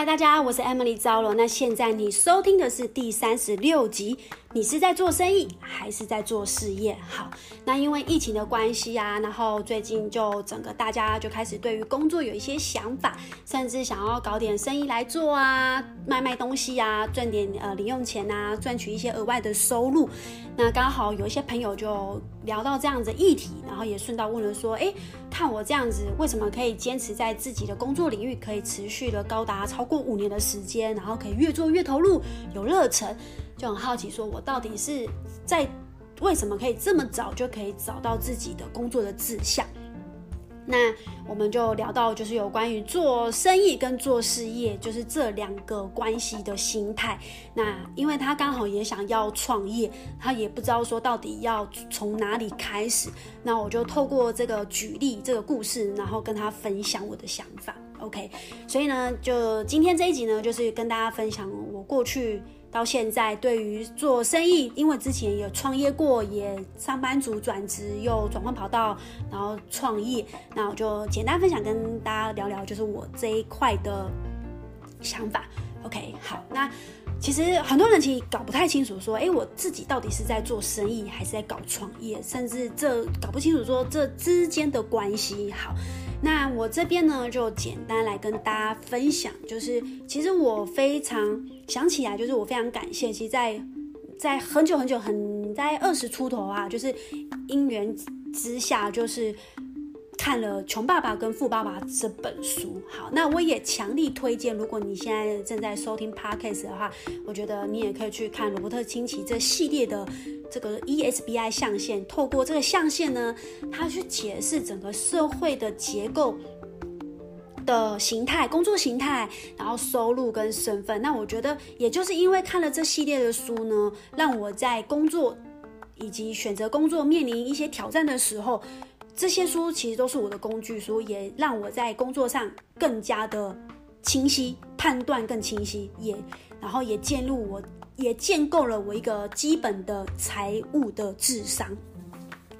嗨，Hi, 大家，我是 Emily。糟了，那現在你收聽的是第三十六集。你是在做生意，還是在做事業？好，那因為疫情的關係啊，然後最近就整個大家就開始對於工作有一些想法，甚至想要搞點生意來做啊。賣賣東西啊，賺點呃零用錢啊，賺取一些額外的收入。那剛好有一些朋友就聊到這樣子的議題，然後也順道問了說：“哎，看我這樣子，為什麼可以堅持在自己的工作領域，可以持續的高達超過五年的時間，然後可以越做越投入，有熱忱。就很好奇，說我到底是在為什麼可以這麼早就可以找到自己的工作的志向？”那我們就聊到，就是有關於做生意跟做事業，就是這兩個關係的心態。那因為他剛好也想要創業，他也不知道說到底要從哪裡開始。那我就透過這個舉例，這個故事，然後跟他分享我的想法。OK，所以呢，就今天這一集呢，就是跟大家分享我過去。到現在，對於做生意，因為之前有創業過，也上班族轉職又轉換跑道，然後創業，那我就簡單分享跟大家聊聊，就是我這一塊的想法。OK，好，那其實很多人其實搞不太清楚，說，哎，我自己到底是在做生意，還是在搞創業，甚至這搞不清楚說這之間的關係。好，那我這邊呢，就簡單來跟大家分享，就是其實我非常。想起來，就是我非常感謝。其實在，在在很久很久很在二十出頭啊，就是因緣之下，就是看了《窮爸爸跟富爸爸》這本書。好，那我也強力推薦，如果你現在正在收聽 Podcast 的話，我覺得你也可以去看羅伯特清崎這系列的這個 ESBI 象限。透過這個象限呢，它去解釋整個社會的結構，的形態、工作形態，然後收入跟身份。那我覺得，也就是因為看了這系列的書呢，讓我在工作以及選擇工作面臨一些挑戰的時候，這些書其實都是我的工具書，也讓我在工作上更加的清晰，判斷更清晰，也然後也建立我也建構了我一個基本的財務的智商。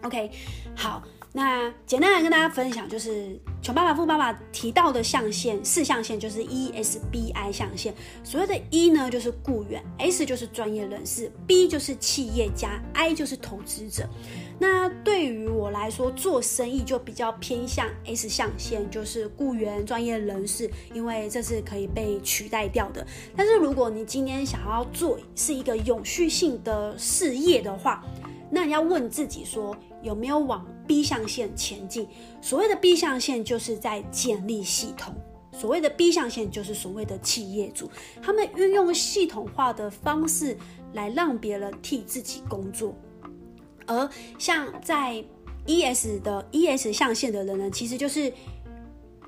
OK，好。那簡單來跟大家分享，就是《窮爸爸富爸爸》提到的象限四象限就是 E S B I 象限。所謂的 E 呢，就是僱員；S 就是專業人士；B 就是企業家；I 就是投資者。那對於我來說，做生意就比較偏向 S 象限，就是僱員、專業人士，因為這是可以被取代掉的。但是如果你今天想要做是一個永續性的事業的話，那你要問自己說，有沒有往 B 象限前進？所謂的 B 象限，就是在建立系統；所謂的 B 象限，就是所謂的企業主，他們運用系統化的方式來讓別人替自己工作。而像在 ES 的 ES 象限的人呢，其實就是，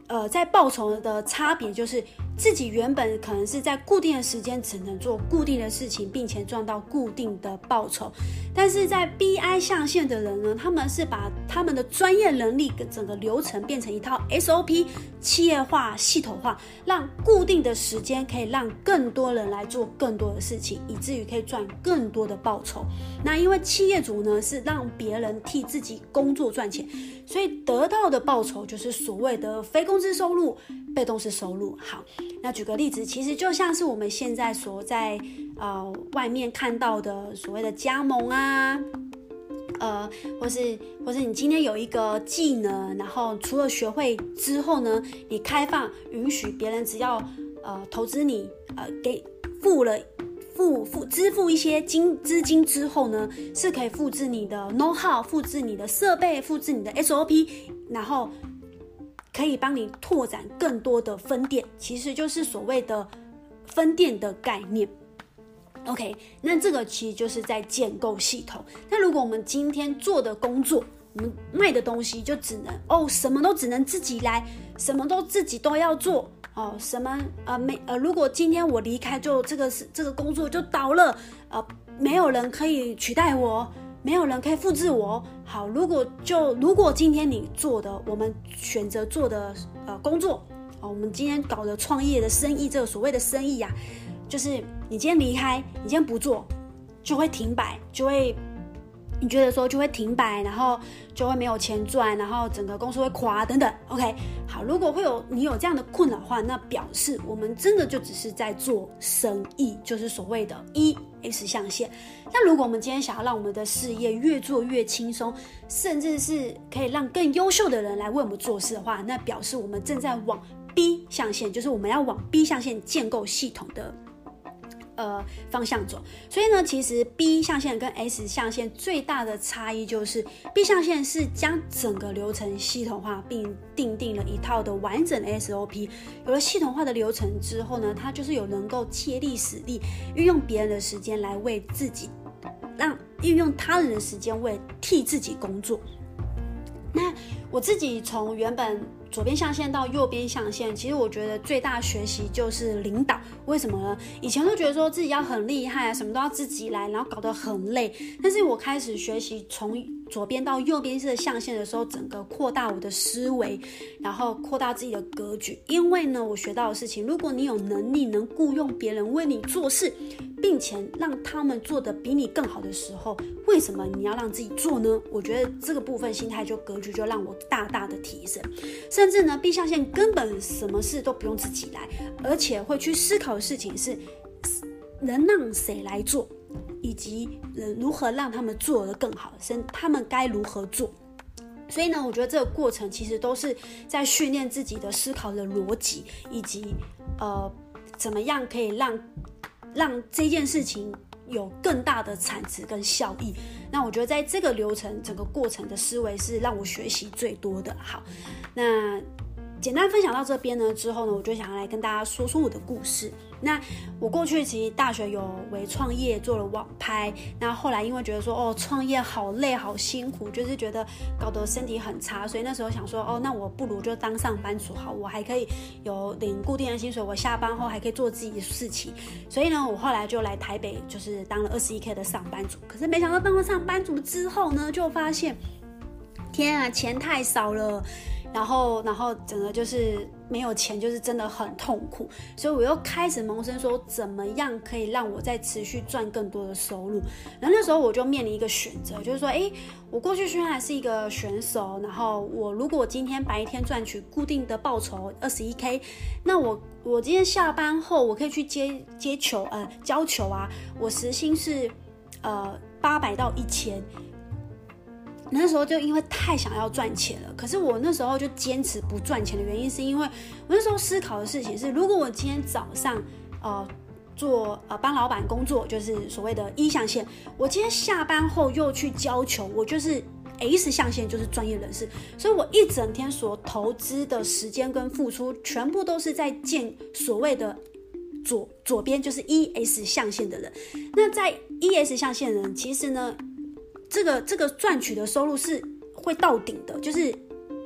呃，在報酬的差別就是。自己原本可能是在固定的時間只能做固定的事情，並且賺到固定的報酬，但是在 B I 象限的人呢，他們是把他們的專業能力跟整個流程變成一套 S O P，企業化、系統化，讓固定的時間可以讓更多人來做更多的事情，以至於可以賺更多的報酬。那因為企業主呢是讓別人替自己工作賺錢，所以得到的報酬就是所謂的非工資收入，被動式收入。好。那舉個例子，其實就像是我們現在所在呃外面看到的所謂的加盟啊，呃，或是或是你今天有一個技能，然後除了學會之後呢，你開放允許別人，只要呃投資你呃給付了付付，付支付一些金資金之後呢，是可以複製你的 know how，複製你的設備，複製你的 SOP，然後。可以幫你拓展更多的分店，其實就是所謂的分店的概念。OK，那這個其實就是在建構系統。那如果我們今天做的工作，我們賣的東西就只能哦，什麼都只能自己來，什麼都自己都要做哦，什麼呃沒呃，如果今天我離開就，就這個是這個工作就倒了，呃，沒有人可以取代我。沒有人可以複製我。好，如果就如果今天你做的，我們選擇做的呃工作，哦，我們今天搞的創業的生意，這個所謂的生意呀、啊，就是你今天離開，你今天不做，就會停擺，就會。你覺得說就會停擺，然後就會沒有錢賺，然後整個公司會垮等等。OK，好，如果會有你有這樣的困擾的話，那表示我們真的就只是在做生意，就是所謂的 ES 象限。那如果我們今天想要讓我們的事業越做越輕鬆，甚至是可以讓更優秀的人來為我們做事的話，那表示我們正在往 B 象限，就是我們要往 B 象限建構系統的。呃，方向走。所以呢，其實 B 象限跟 S 象限最大的差異就是，B 象限是將整個流程系統化，並訂定了一套的完整 SOP。有了系統化的流程之後呢，它就是有能夠借力使力，運用別人的時間來為自己，讓運用他人的時間為替自己工作。那我自己從原本左邊象限到右邊象限，其實我覺得最大的學習就是領導。為什麼呢？以前都覺得說自己要很厲害啊，什麼都要自己來，然後搞得很累。但是我開始學習從。左邊到右邊是象限的時候，整個擴大我的思維，然後擴大自己的格局。因為呢，我學到的事情，如果你有能力能僱傭別人為你做事，並且讓他們做得比你更好的時候，為什麼你要讓自己做呢？我覺得這個部分心態就格局就讓我大大的提升，甚至呢，B 象限根本什麼事都不用自己來，而且會去思考的事情是，能讓誰來做。以及如何讓他們做得更好，是他們該如何做？所以呢，我覺得這個過程其實都是在訓練自己的思考的邏輯，以及呃，怎麼樣可以讓讓這件事情有更大的產值跟效益。那我覺得在這個流程整個過程的思維是讓我學習最多的。好，那簡單分享到這邊呢，之後呢，我就想要來跟大家說說我的故事。那我過去其實大學有為創業做了網拍，那後來因為覺得說，哦，創業好累好辛苦，就是覺得搞得身體很差，所以那時候想說哦，那我不如就當上班族好，我還可以有領固定的薪水，我下班後還可以做自己的事情。所以呢，我後來就來台北，就是當了二十一 K 的上班族。可是沒想到當了上班族之後呢，就發現天啊，錢太少了，然後然後整個就是。沒有錢就是真的很痛苦，所以我又開始萌生說怎麼樣可以讓我再持續賺更多的收入。然後那時候我就面臨一個選擇，就是說，哎，我過去雖然還是一個選手，然後我如果今天白天賺取固定的報酬二十一 K，那我我今天下班後我可以去接接球，呃，教球啊，我時薪是呃八百到一千。那時候就因為太想要賺錢了，可是我那時候就堅持不賺錢的原因，是因為我那時候思考的事情是：如果我今天早上呃做呃幫老闆工作，就是所謂的 E 象限；我今天下班後又去教球，我就是 S 象限，就是專業人士。所以我一整天所投資的時間跟付出，全部都是在建所謂的左左邊，就是 ES 象限的人。那在 ES 象限的人，其實呢？這個這個賺取的收入是會到頂的，就是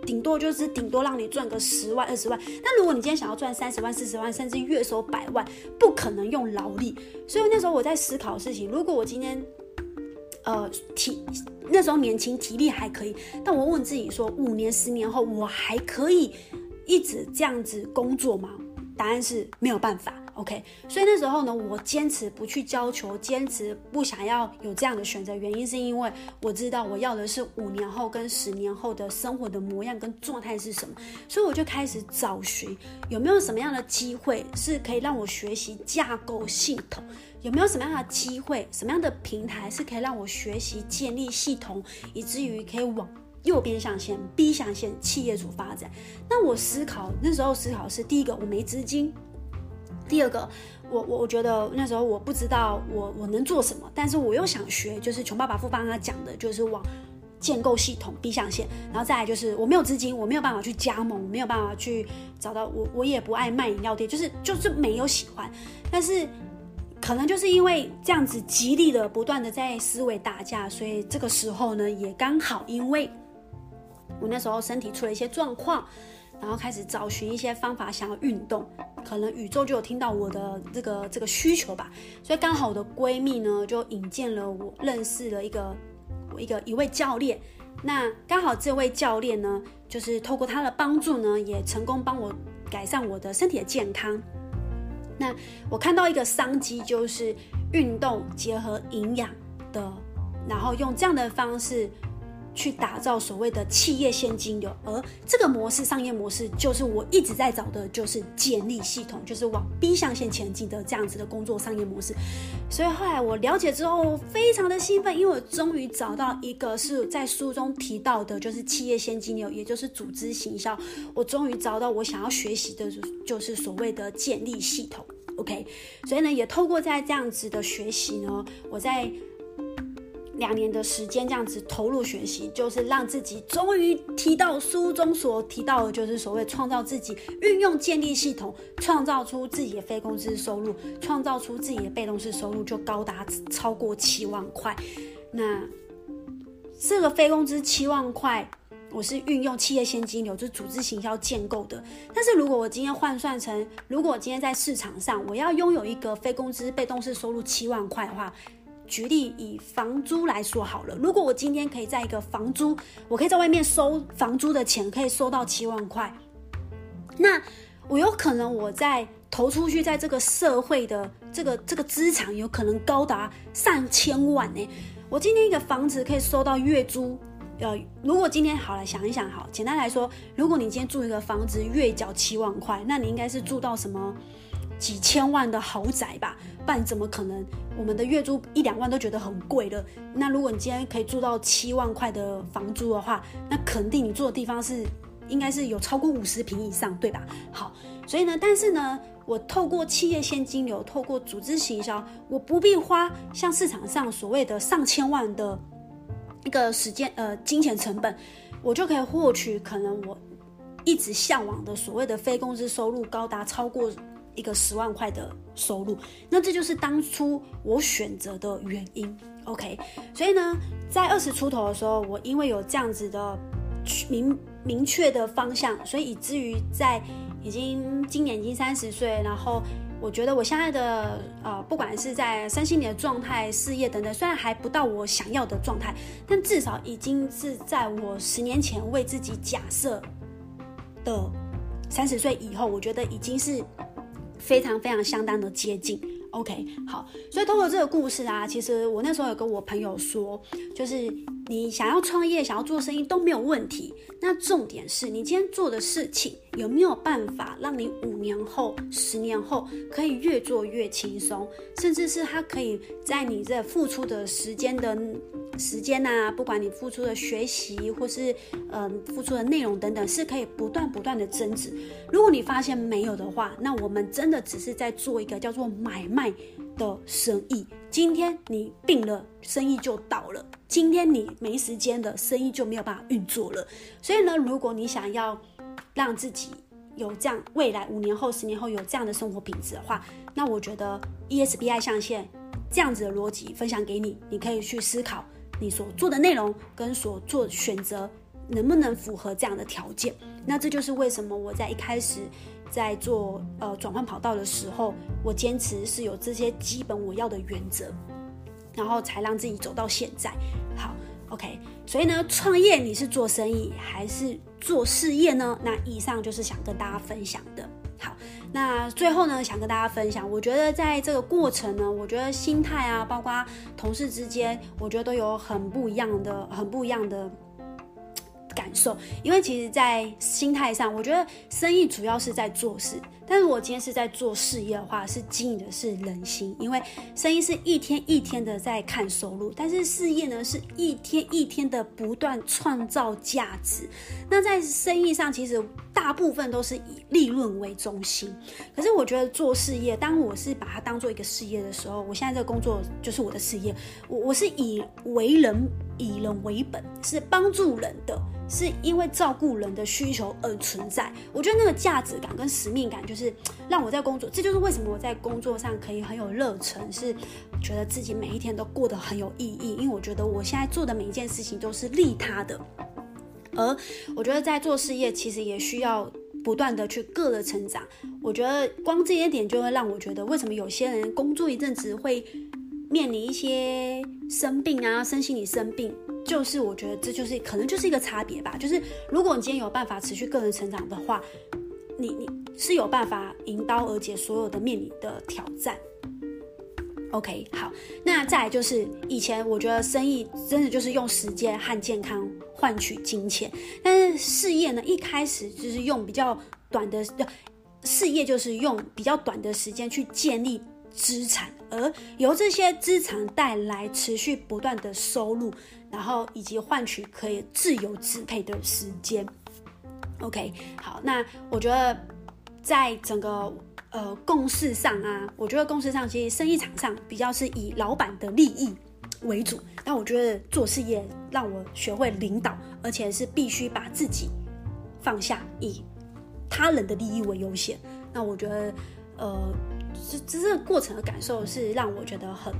頂多就是頂多讓你賺個十萬二十萬。那如果你今天想要賺三十萬四十萬，甚至月收百萬，不可能用勞力。所以那時候我在思考的事情：如果我今天呃體那時候年輕，體力還可以，但我問自己說，五年十年後我還可以一直這樣子工作嗎？答案是沒有辦法。OK，所以那時候呢，我堅持不去交求，堅持不想要有這樣的選擇，原因是因為我知道我要的是五年後跟十年後的生活的模樣跟狀態是什麼，所以我就開始找尋有沒有什麼樣的機會是可以讓我學習架構系統，有沒有什麼樣的機會、什麼樣的平台是可以讓我學習建立系統，以至於可以往右邊象限、B 象限、企業主發展。那我思考那時候思考是：第一個，我沒資金。第二個，我我我覺得那時候我不知道我我能做什麼，但是我又想學，就是窮爸爸富爸爸講的，就是往建構系統 B 象限。然後再來就是我沒有資金，我沒有辦法去加盟，我沒有辦法去找到我，我也不愛賣飲料店，就是就是沒有喜歡，但是可能就是因為這樣子極力的不斷的在思維打架。所以這個時候呢，也剛好因為我那時候身體出了一些狀況，然後開始找尋一些方法想要運動。可能宇宙就有聽到我的這個這個需求吧，所以剛好我的閨蜜呢，就引薦了我認識了一個一個一位教練，那剛好這位教練呢，就是透過他的幫助呢，也成功幫我改善我的身體的健康。那我看到一個商機，就是運動結合營養的，然後用這樣的方式，去打造所謂的企業現金流，而這個模式商業模式就是我一直在找的，就是建立系統，就是往 B 象限前進的這樣子的工作商業模式。所以後來我了解之後，非常的興奮，因為我終於找到一個是在書中提到的，就是企業現金流，也就是組織行銷。我終於找到我想要學習的，就是所謂的建立系統。OK，所以呢，也透過在這樣子的學習呢，我在。兩年的時間這樣子投入學習，就是讓自己終於提到書中所提到的，就是所謂創造自己，運用建立系統，創造出自己的非工資收入，創造出自己的被動式收入，就高達超過七萬塊。那這個非工資七萬塊，我是運用企業現金流，就是組織行銷建構的。但是如果我今天換算成，如果我今天在市場上，我要擁有一個非工資被動式收入七萬塊的話，舉例以房租來說好了，如果我今天可以在一個房租，我可以在外面收房租的錢，可以收到七萬塊，那我有可能我在投出去，在這個社會的這個這個資產，有可能高達上千萬呢、欸。我今天一個房子可以收到月租，呃，如果今天好了，想一想，好，簡單來說，如果你今天住一個房子，月繳七萬塊，那你應該是住到什麼？幾千萬的豪宅吧，不然怎麼可能？我們的月租一兩萬都覺得很貴了。那如果你今天可以租到七萬塊的房租的話，那肯定你住的地方是應該是有超過五十平以上，對吧？好，所以呢，但是呢，我透過企業現金流，透過組織行銷，我不必花像市場上所謂的上千萬的一個時間呃金錢成本，我就可以獲取可能我一直嚮往的所謂的非工資收入高達超過。一個十萬塊的收入，那這就是當初我選擇的原因。OK，所以呢，在二十出頭的時候，我因為有這樣子的明明確的方向，所以以至於在已經今年已經三十歲，然後我覺得我現在的、呃、不管是在身心靈的狀態、事業等等，雖然還不到我想要的狀態，但至少已經是在我十年前為自己假設的三十歲以後，我覺得已經是。非常非常相當的接近，OK，好，所以通過這個故事啊，其實我那時候有跟我朋友說，就是你想要創業、想要做生意都沒有問題，那重點是你今天做的事情。有沒有辦法讓你五年後、十年後可以越做越輕鬆？甚至是它可以在你這付出的時間的、時間吶、啊，不管你付出的學習，或是嗯付出的內容等等，是可以不斷不斷的增值。如果你發現沒有的話，那我們真的只是在做一個叫做買賣的生意。今天你病了，生意就倒了；今天你沒時間了，生意就沒有辦法運作了。所以呢，如果你想要，讓自己有這樣未來五年後、十年後有這樣的生活品質的話，那我覺得 E S B I 象限這樣子的邏輯分享給你，你可以去思考你所做的內容跟所做選擇能不能符合這樣的條件。那這就是為什麼我在一開始在做呃轉換跑道的時候，我堅持是有這些基本我要的原則，然後才讓自己走到現在。好。OK，所以呢，創業你是做生意還是做事業呢？那以上就是想跟大家分享的。好，那最後呢，想跟大家分享，我覺得在這個過程呢，我覺得心態啊，包括同事之間，我覺得都有很不一樣的、很不一樣的感覺。So, 因為其實，在心態上，我覺得生意主要是在做事，但是我今天是在做事業的話，是經營的是人心。因為生意是一天一天的在看收入，但是事業呢，是一天一天的不斷創造價值。那在生意上，其實大部分都是以利潤為中心，可是我覺得做事業，當我是把它當做一個事業的時候，我現在這個工作就是我的事業。我我是以為人，以人為本，是幫助人的，是。是因為照顧人的需求而存在。我覺得那個價值感跟使命感，就是讓我在工作，這就是為什麼我在工作上可以很有熱忱，是覺得自己每一天都過得很有意義。因為我覺得我現在做的每一件事情都是利他的，而我覺得在做事業，其實也需要不斷的去個人成長。我覺得光這些點，就會讓我覺得，為什麼有些人工作一陣子會。面臨一些生病啊，身心理生病，就是我覺得這就是可能就是一個差別吧。就是如果你今天有辦法持續個人成長的話，你你是有辦法迎刃而解所有的面臨的挑戰。OK，好，那再來就是以前我覺得生意真的就是用時間和健康換取金錢，但是事業呢，一開始就是用比較短的，事業就是用比較短的時間去建立資產。而由這些資產帶來持續不斷的收入，然後以及換取可以自由支配的時間。OK，好，那我覺得在整個呃共事上啊，我覺得公司上其實生意場上比較是以老闆的利益為主，但我覺得做事業讓我學會領導，而且是必須把自己放下，以他人的利益為優先。那我覺得呃。這這這個過程的感受是讓我覺得很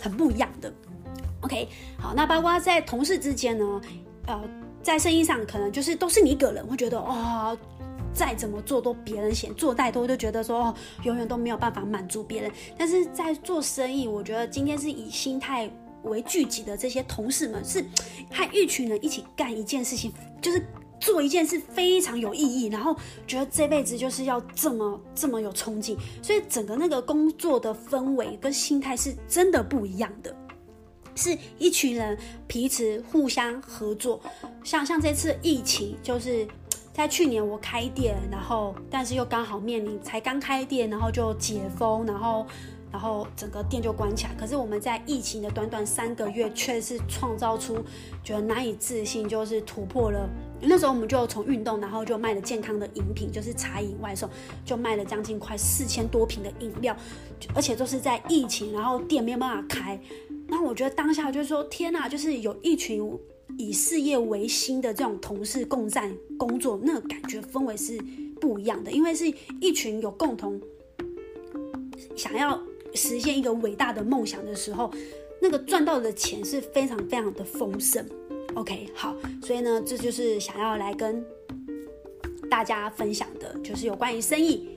很不一樣的。OK，好，那包括在同事之間呢，呃，在生意上可能就是都是你一個人，會覺得哦，再怎麼做都別人嫌做再多，就覺得說，哦，永遠都沒有辦法滿足別人。但是在做生意，我覺得今天是以心態為聚集的這些同事們，是和一群人一起幹一件事情，就是。做一件事非常有意義，然後覺得這輩子就是要這麼這麼有憧憬，所以整個那個工作的氛圍跟心態是真的不一樣的，是一群人彼此互相合作，像像這次疫情，就是在去年我開店，然後但是又剛好面臨才剛開店，然後就解封，然後然後整個店就關起來，可是我們在疫情的短短三個月，卻是創造出覺得難以置信，就是突破了。那時候我們就從運動，然後就賣了健康的飲品，就是茶飲外送，就賣了將近快四千多瓶的飲料，而且都是在疫情，然後店沒有辦法開。那我覺得當下就是說，天哪，就是有一群以事業為心的這種同事共戰工作，那個感覺氛圍是不一樣的，因為是一群有共同想要實現一個偉大的夢想的時候，那個賺到的錢是非常非常的豐盛。OK，好，所以呢，這就是想要來跟大家分享的，就是有關於生意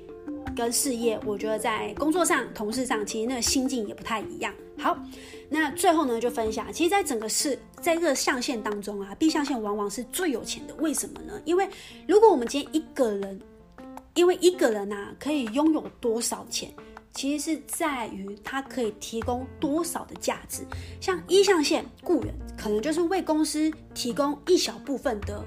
跟事業。我覺得在工作上、同事上，其實那個心境也不太一樣。好，那最後呢，就分享，其實，在整個事，在這個象限當中啊，B 象限往往是最有錢的。為什麼呢？因為如果我們今天一個人，因為一個人吶、啊，可以擁有多少錢？其實是在於它可以提供多少的價值，像一象限僱員可能就是為公司提供一小部分的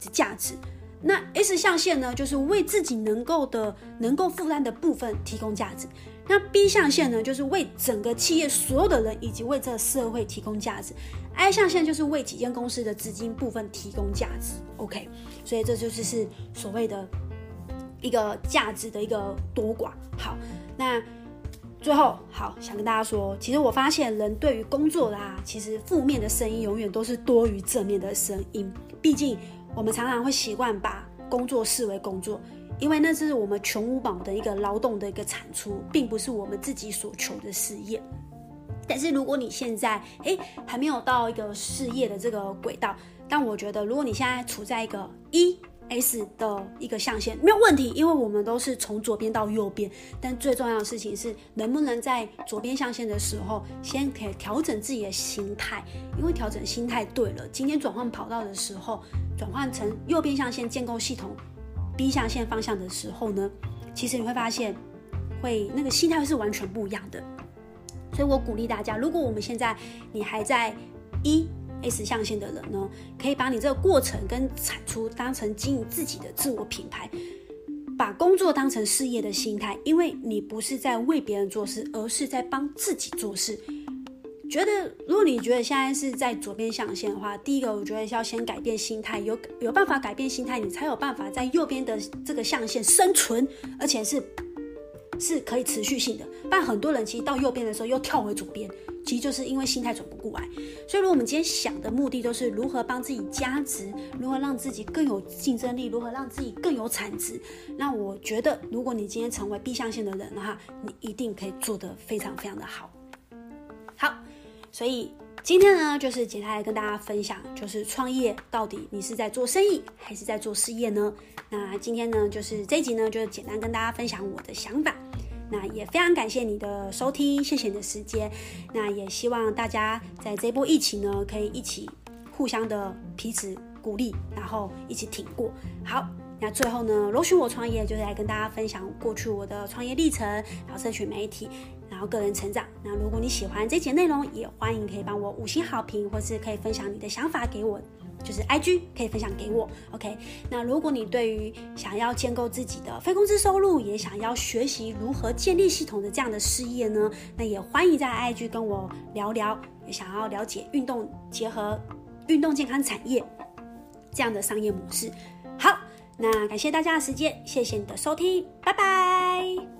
的價值，那 S 象限呢，就是為自己能夠的能夠負擔的部分提供價值，那 B 象限呢，就是為整個企業所有的人以及為這個社會提供價值，I 象限就是為幾間公司的資金部分提供價值。OK，所以這就是是所謂的，一個價值的一個多寡，好。那最後，好想跟大家說，其實我發現人對於工作啦、啊，其實負面的聲音永遠都是多於正面的聲音。畢竟我們常常會習慣把工作視為工作，因為那是我們求溫飽的一個勞動的一個產出，並不是我們自己所求的事業。但是如果你現在、欸、還沒有到一個事業的這個軌道，但我覺得如果你現在處在一個一。S, S 的一個象限沒有問題，因為我們都是從左邊到右邊。但最重要的事情是，能不能在左邊象限的時候先可以調整自己的心態，因為調整心態對了，今天轉換跑道的時候，轉換成右邊象限建構系統 B 象限方向的時候呢，其實你會發現會那個心態是完全不一樣的。所以我鼓勵大家，如果我們現在你還在一。S 象限的人呢，可以把你這個過程跟產出當成經營自己的自我品牌，把工作當成事業的心態，因為你不是在為別人做事，而是在幫自己做事。覺得如果你覺得現在是在左邊象限的話，第一個我覺得是要先改變心態，有有辦法改變心態，你才有辦法在右邊的這個象限生存，而且是。是可以持續性的，但很多人其實到右邊的時候又跳回左邊，其實就是因為心態轉不過來。所以如果我們今天想的目的都是如何幫自己加值，如何讓自己更有競爭力，如何讓自己更有產值，那我覺得如果你今天成為 B 象限的人的話，你一定可以做得非常非常的好。好，所以今天呢，就是簡單來跟大家分享，就是創業到底你是在做生意還是在做事業呢？那今天呢，就是這一集呢，就是簡單跟大家分享我的想法。那也非常感謝你的收聽，謝謝你的時間。那也希望大家在這一波疫情呢，可以一起互相的彼此鼓勵，然後一起挺過。好，那最後呢，羅許我創業就是來跟大家分享過去我的創業歷程，然後社群媒體，然後個人成長。那如果你喜歡這集內容，也歡迎可以幫我五星好評，或是可以分享你的想法給我。就是 IG 可以分享給我，OK。那如果你對於想要建構自己的非工資收入，也想要學習如何建立系統的這樣的事業呢？那也歡迎在 IG 跟我聊聊，也想要了解運動結合運動健康產業這樣的商業模式。好，那感謝大家的時間，謝謝你的收聽，拜拜。